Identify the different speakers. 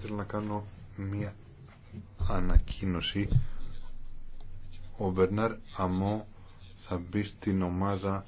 Speaker 1: Θέλω να κάνω μία
Speaker 2: ανακοίνωση. Ο Μπερνάρ Αμό θα μπει στην ομάδα